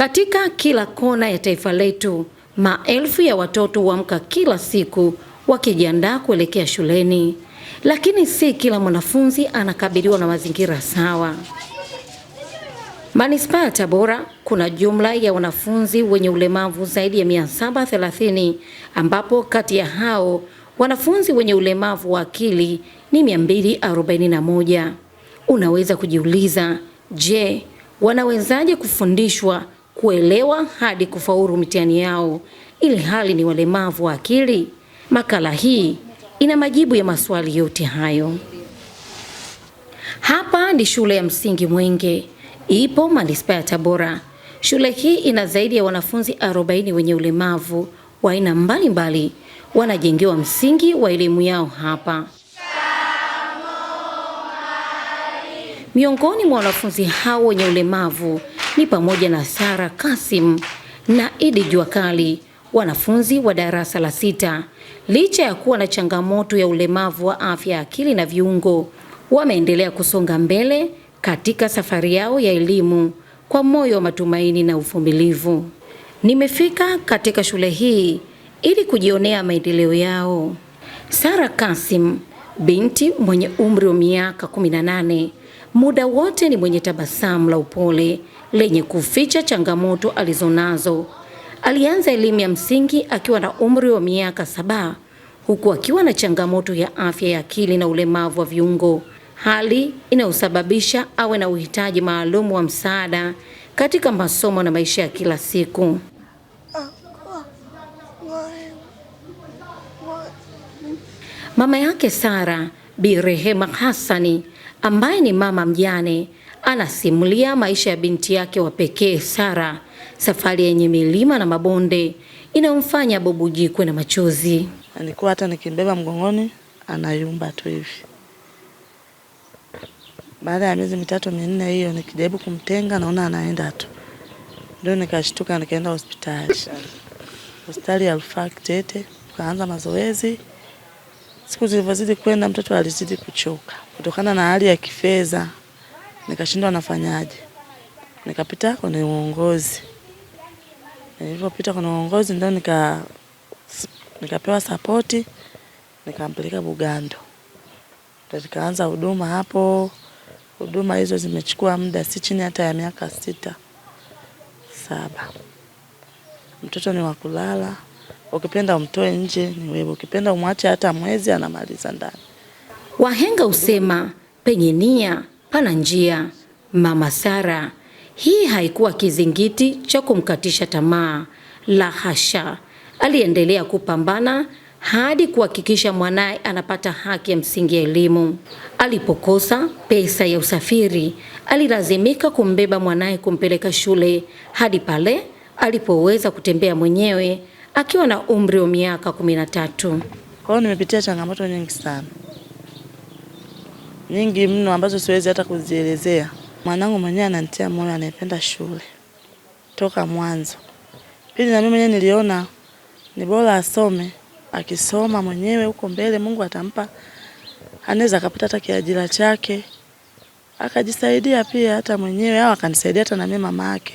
Katika kila kona ya taifa letu, maelfu ya watoto huamka kila siku wakijiandaa kuelekea shuleni, lakini si kila mwanafunzi anakabiliwa na mazingira sawa. Manispaa ya Tabora kuna jumla ya wanafunzi wenye ulemavu zaidi ya 730 ambapo kati ya hao wanafunzi wenye ulemavu wa akili ni 241. Unaweza kujiuliza, je, wanawezaje kufundishwa kuelewa hadi kufaulu mitihani yao, ili hali ni walemavu wa akili. Makala hii ina majibu ya maswali yote hayo. Hapa ni shule ya msingi Mwenge, ipo manispaa ya Tabora. Shule hii ina zaidi ya wanafunzi 40 wenye ulemavu wa aina mbalimbali, wanajengewa msingi wa elimu yao hapa. Miongoni mwa wanafunzi hao wenye ulemavu ni pamoja na Sara Kasim na Idi Juakali, wanafunzi wa darasa la sita. Licha ya kuwa na changamoto ya ulemavu wa afya ya akili na viungo, wameendelea kusonga mbele katika safari yao ya elimu kwa moyo wa matumaini na uvumilivu. Nimefika katika shule hii ili kujionea maendeleo yao. Sara Kasim, binti mwenye umri wa miaka muda wote ni mwenye tabasamu la upole lenye kuficha changamoto alizonazo. Alianza elimu ya msingi akiwa na umri wa miaka saba huku akiwa na changamoto ya afya ya akili na ulemavu wa viungo, hali inayosababisha awe na uhitaji maalum wa msaada katika masomo na maisha ya kila siku. Mama yake Sara Bi Rehema Hassani ambaye ni mama mjane anasimulia maisha ya binti yake wa pekee Sara, safari yenye milima na mabonde inayomfanya bubujikwe na machozi. Alikuwa hata nikimbeba mgongoni anayumba tu hivi. Baada ya miezi mitatu minne hiyo, nikijaribu kumtenga naona anaenda tu, ndio nikashtuka, nikaenda hospitali hospitali ya Rufaa Kitete, tukaanza mazoezi Siku zilivyozidi kwenda, mtoto alizidi kuchoka kutokana na hali ya kifedha, nikashindwa nafanyaje, nikapita kwenye uongozi. Nilipopita kwenye uongozi ndio nika nikapewa sapoti, nikampeleka Bugando, ndio nikaanza huduma hapo. Huduma hizo zimechukua muda si chini hata ya miaka sita saba. Mtoto ni wa kulala. Ukipenda umtoe nje ni wewe, ukipenda umwache hata mwezi anamaliza ndani. Wahenga usema penye nia pana njia. Mama Sara hii haikuwa kizingiti cha kumkatisha tamaa, la hasha. Aliendelea kupambana hadi kuhakikisha mwanaye anapata haki ya msingi ya elimu. Alipokosa pesa ya usafiri, alilazimika kumbeba mwanaye kumpeleka shule hadi pale alipoweza kutembea mwenyewe akiwa na umri wa miaka kumi na tatu. Kwa hiyo nimepitia changamoto nyingi sana, nyingi mno, ambazo siwezi hata kuzielezea. Mwanangu mwenyewe ananitia moyo, anapenda shule toka mwanzo. Pili na mimi mwenyewe niliona ni bora asome, akisoma mwenyewe huko mbele Mungu atampa, anaweza akapata hata kiajira chake akajisaidia pia hata mwenyewe, au akanisaidia hata na mimi mama yake.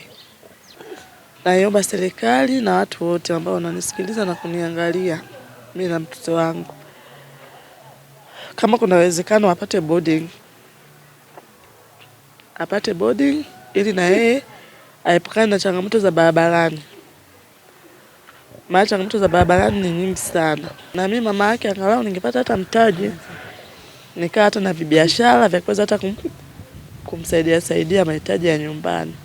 Naiomba serikali na watu wote ambao wananisikiliza na kuniangalia mimi na mtoto wangu, kama kuna uwezekano apate boarding, apate boarding ili na yeye aepukane na changamoto za barabarani, maana changamoto za barabarani ni nyingi sana. Na mimi mama yake, angalau ningepata hata mtaji nikaa hata na vibiashara vya kuweza hata kum, kumsaidia saidia mahitaji ya nyumbani.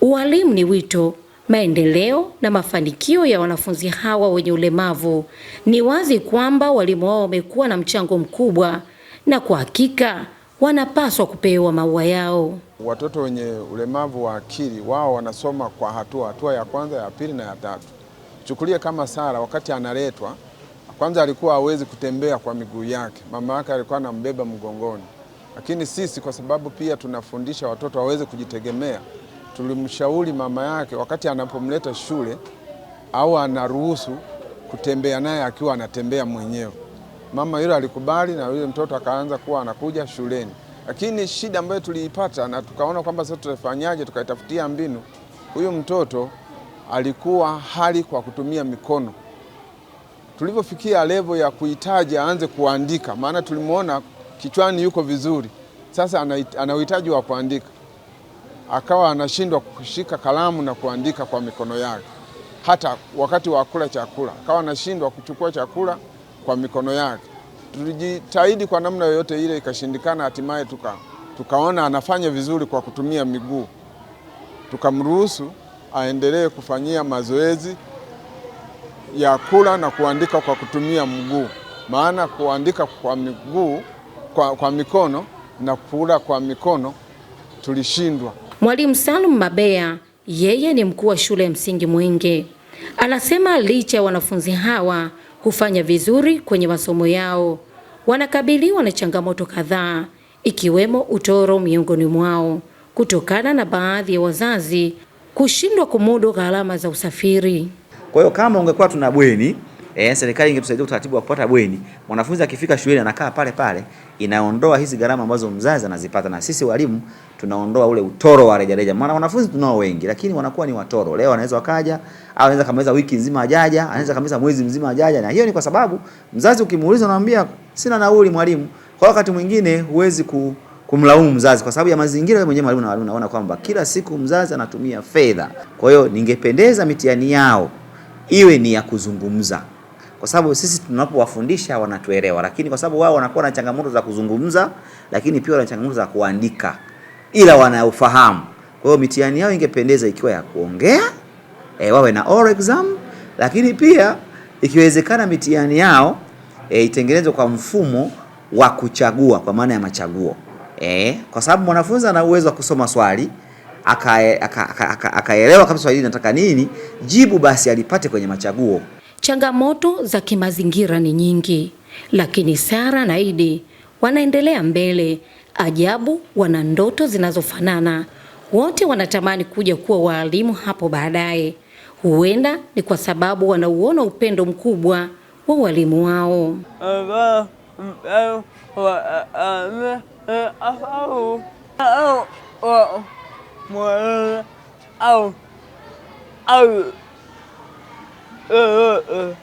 Ualimu ni wito, maendeleo na mafanikio ya wanafunzi hawa wenye ulemavu. Ni wazi kwamba walimu wao wamekuwa na mchango mkubwa na kwa hakika wanapaswa kupewa maua yao. Watoto wenye ulemavu wa akili wao wanasoma kwa hatua, hatua ya kwanza, ya pili na ya tatu. Chukulia kama Sara, wakati analetwa kwanza alikuwa hawezi kutembea kwa miguu yake, mama yake alikuwa anambeba mgongoni, lakini sisi kwa sababu pia tunafundisha watoto waweze kujitegemea tulimshauri mama yake wakati anapomleta shule au anaruhusu kutembea naye akiwa anatembea mwenyewe. Mama yule alikubali na yule mtoto akaanza kuwa anakuja shuleni, lakini shida ambayo tuliipata na tukaona kwamba sasa tutafanyaje, tukaitafutia mbinu. Huyu mtoto alikuwa hali kwa kutumia mikono. Tulivyofikia levo ya kuhitaji aanze kuandika, maana tulimwona kichwani yuko vizuri, sasa ana uhitaji wa kuandika akawa anashindwa kushika kalamu na kuandika kwa mikono yake, hata wakati wa kula chakula akawa anashindwa kuchukua chakula kwa mikono yake. Tulijitahidi kwa namna yoyote ile, ikashindikana. Hatimaye tuka, tukaona anafanya vizuri kwa kutumia miguu, tukamruhusu aendelee kufanyia mazoezi ya kula na kuandika kwa kutumia mguu, maana kuandika kwa miguu kwa, kwa mikono na kula kwa mikono tulishindwa. Mwalimu Salum mabea yeye ni mkuu wa shule ya msingi mwenge anasema licha ya wanafunzi hawa kufanya vizuri kwenye masomo yao, wanakabiliwa na changamoto kadhaa ikiwemo utoro miongoni mwao kutokana na baadhi ya wazazi kushindwa kumudu gharama za usafiri. Kwa hiyo kama ungekuwa tuna bweni eh, serikali ingetusaidia utaratibu wa kupata bweni, mwanafunzi akifika shuleni anakaa pale pale, inaondoa hizi gharama ambazo mzazi anazipata, na sisi walimu tunaondoa ule utoro wa rejareja. Maana wanafunzi tunao wengi, lakini wanakuwa ni watoro. Leo anaweza wakaja, au anaweza kamaliza wiki nzima ajaja, anaweza kamaliza mwezi mzima ajaja, na hiyo ni kwa sababu mzazi ukimuuliza, anamwambia sina nauli mwalimu. Kwa wakati mwingine huwezi ku kumlaumu mzazi kwa sababu ya mazingira yeye mwenyewe mwalimu na walimu naona kwamba kila siku mzazi anatumia fedha. Kwa hiyo ningependeza mitihani yao iwe ni ya kuzungumza kwa sababu sisi tunapowafundisha wanatuelewa, lakini kwa sababu wao wanakuwa na changamoto za kuzungumza, lakini pia wana changamoto za kuandika, ila wanaufahamu. Kwa hiyo mitihani yao ingependeza ikiwa ya kuongea e, wawe na oral exam, lakini pia ikiwezekana mitihani yao e, itengenezwe kwa mfumo wa kuchagua, kwa maana ya machaguo e, kwa sababu mwanafunzi ana uwezo wa kusoma swali akaelewa aka, aka, aka, aka kabisa swali nataka nini, jibu basi alipate kwenye machaguo. Changamoto za kimazingira ni nyingi, lakini Sara na Idi wanaendelea mbele. Ajabu, wana ndoto zinazofanana. Wote wanatamani kuja kuwa waalimu hapo baadaye. Huenda ni kwa sababu wanauona upendo mkubwa wa walimu wao. Eh, eh, eh.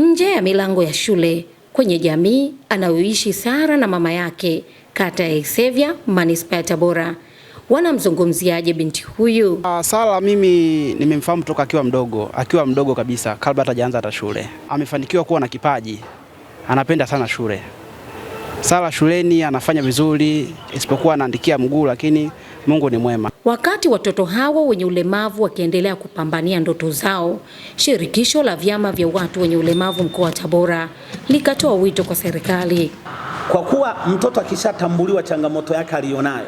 Nje ya milango ya shule kwenye jamii anayoishi Sara na mama yake kata ya Isevya manispaa ya Tabora wanamzungumziaje binti huyu? Ah, Sara mimi nimemfahamu toka akiwa mdogo, akiwa mdogo kabisa kabla hata hajaanza hata shule. Amefanikiwa kuwa na kipaji, anapenda sana shule. Sala shuleni anafanya vizuri, isipokuwa anaandikia mguu, lakini Mungu ni mwema. Wakati watoto hawa wenye ulemavu wakiendelea kupambania ndoto zao, shirikisho la vyama vya watu wenye ulemavu mkoa wa Tabora likatoa wito kwa serikali, kwa kuwa mtoto akishatambuliwa changamoto yake aliyonayo,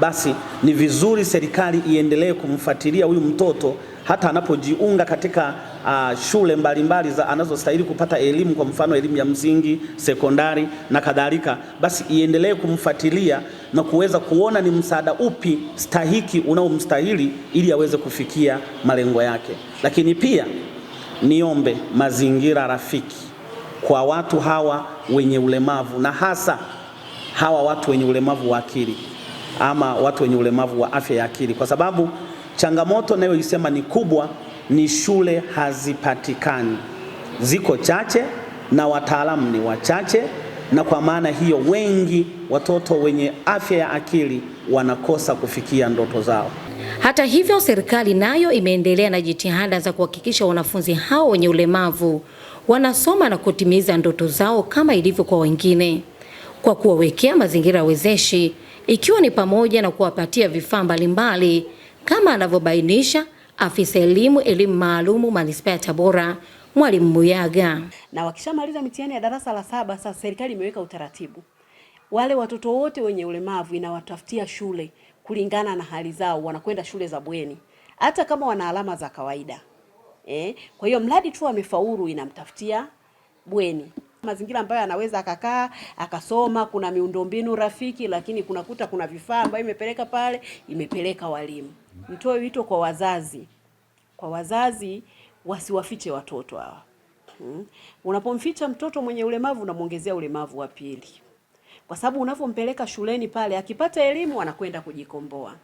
basi ni vizuri serikali iendelee kumfuatilia huyu mtoto hata anapojiunga katika uh, shule mbalimbali za anazostahili kupata elimu, kwa mfano elimu ya msingi, sekondari na kadhalika, basi iendelee kumfuatilia na kuweza kuona ni msaada upi stahiki unaomstahili ili aweze kufikia malengo yake. Lakini pia niombe mazingira rafiki kwa watu hawa wenye ulemavu na hasa hawa watu wenye ulemavu wa akili ama watu wenye ulemavu wa afya ya akili, kwa sababu changamoto nayo isema ni kubwa ni shule hazipatikani, ziko chache na wataalamu ni wachache, na kwa maana hiyo wengi watoto wenye afya ya akili wanakosa kufikia ndoto zao. Hata hivyo, serikali nayo imeendelea na jitihada za kuhakikisha wanafunzi hao wenye ulemavu wanasoma na kutimiza ndoto zao kama ilivyo kwa wengine kwa kuwawekea mazingira wezeshi ikiwa ni pamoja na kuwapatia vifaa mbalimbali kama anavyobainisha afisa elimu elimu maalumu manispaa ya Tabora mwalimu Muyaga. Na wakishamaliza mitihani ya darasa la saba, sasa serikali imeweka utaratibu, wale watoto wote wenye ulemavu inawatafutia shule kulingana na hali zao, wanakwenda shule za bweni hata kama wana alama za kawaida eh. Kwa hiyo mradi tu amefaulu inamtafutia bweni mazingira ambayo anaweza akakaa akasoma. Kuna miundombinu rafiki, lakini kunakuta kuna vifaa ambayo imepeleka pale, imepeleka walimu nitoe wito kwa wazazi, kwa wazazi wasiwafiche watoto hawa. Hmm. Unapomficha mtoto mwenye ulemavu unamwongezea ulemavu wa pili, kwa sababu unavyompeleka shuleni pale, akipata elimu anakwenda kujikomboa.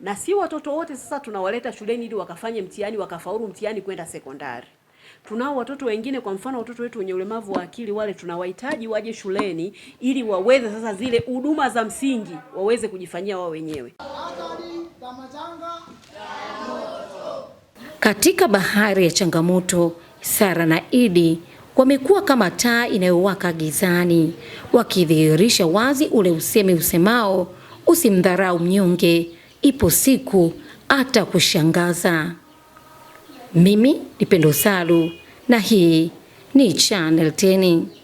Na si watoto wote sasa tunawaleta shuleni ili wakafanye mtihani wakafaulu mtihani kwenda sekondari. Tunao watoto wengine, kwa mfano watoto wetu wenye ulemavu wa akili, wale tunawahitaji waje shuleni ili waweze sasa zile huduma za msingi waweze kujifanyia wao wenyewe. Katika bahari ya changamoto, Sara na Idi wamekuwa kama taa inayowaka gizani, wakidhihirisha wazi ule usemi usemao usimdharau mnyonge, ipo siku hata kushangaza. Mimi ni Pendo Salu na hii ni Channel 10.